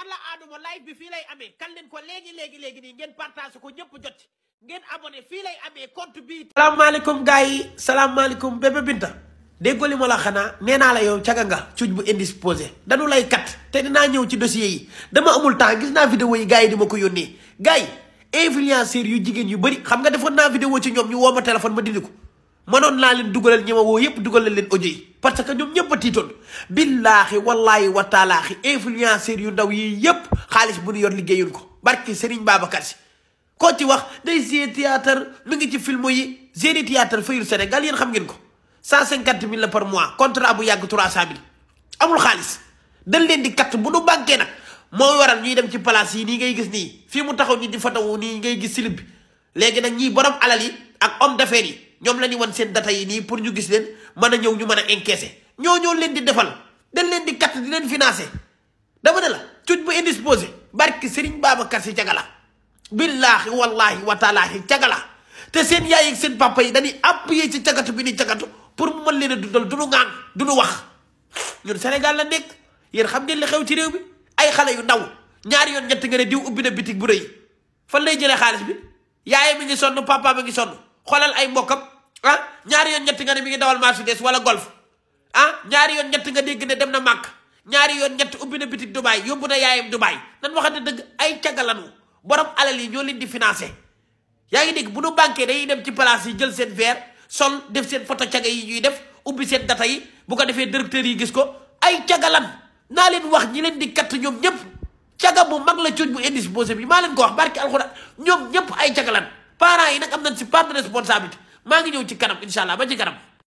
alla aaduma live bi fii lay amee kan leen ko léegi léegi léegi nii ngeen partage ko ñëpp jot ngeen abonné fii lay amee compte bi. salaamaaleykum gars yi salaamaaleykum bébé Binta déggoo li ma la xanaa nee naa la yow caga nga cuuj bu indisposé dañu lay kat te dinaa ñëw ci dossier yi dama amul temps gis naa vidéo yi gars yi di ma ko yónnee gars yi influenceurs yu jigéen yu bëri xam nga defoon naa vidéo ci ñoom ñu woo ma téléphone ma dindi ko. manoon naa leen dugalal ñi ma woo yëpp dugalal leen audio yi parce que ñoom ñëpp a tiitoon billaahi wallaahi wa taalaahi influenceurs yu ndaw yi yëpp xaalis bu ñu yor liggéeyul ko barki Serigne Babacar si koo ci wax day gérer théâtre mi ngi ci film yi gérer théâtre fayul Sénégal yéen xam ngeen ko cent cinquante mille la par mois contrat bu yàgg trois cent amul xaalis dañ leen di kat bu nu banqué nag moo waral ñuy dem ci place yi nii ngay gis nii fii mu taxaw ñi di fotowu nii ngay gis silib bi léegi nag ñii borom alal yi ak homme d'affaires yi ñoom la ñu wan seen data yi nii pour ñu gis leen mën a ñëw ñu man a encaisser ñoo ñoo leen di defal dañ leen di kat di leen financer dama ne la cuuj bu indisposé barki Serigne Babacar si cagala billaahi wallaahi wataalaahi cagala te seen yaay ak seen papa yi dañuy appuyer ci cagatu bi ni cagatu pour mu man leen a dundal du nu ŋaan du nu wax ñun Sénégal la nekk yéen xam ngeen li xew ci réew bi ay xale yu ndaw ñaari yoon ñett nga ne diw ubbi na bitig bu rëy fan lay jëlee xaalis bi yaay mi ngi sonn papa ngi sonn xoolal ay mbokkam ah ñaari yoon ñett nga ne mi ngi dawal Mercedes wala golf ah ñaari yoon ñett nga dégg ne dem na màkk ñaari yoon ñett ubbi na bitik Dubaay yóbbu na yaayam Dubaay nan waxante dëgg ay cagalanu borom alal yi ñoo leen di financé yaa ngi dégg bu nu bankee dañuy dem ci place yi jël seen verre sol def seen foto caga yi ñuy def ubbi seen data yi bu ko defee directeur yi gis ko ay cagalan naa leen wax ñi leen di katt ñoom ñëpp caga bu mag la cooñ bu indisposé bi maa leen ko wax barki alxuraan ñoom ñëpp ay cagalan parents yi nag am nañ si part de responsabilité maa ngi ñëw ci kanam incha allah ba ci kanam.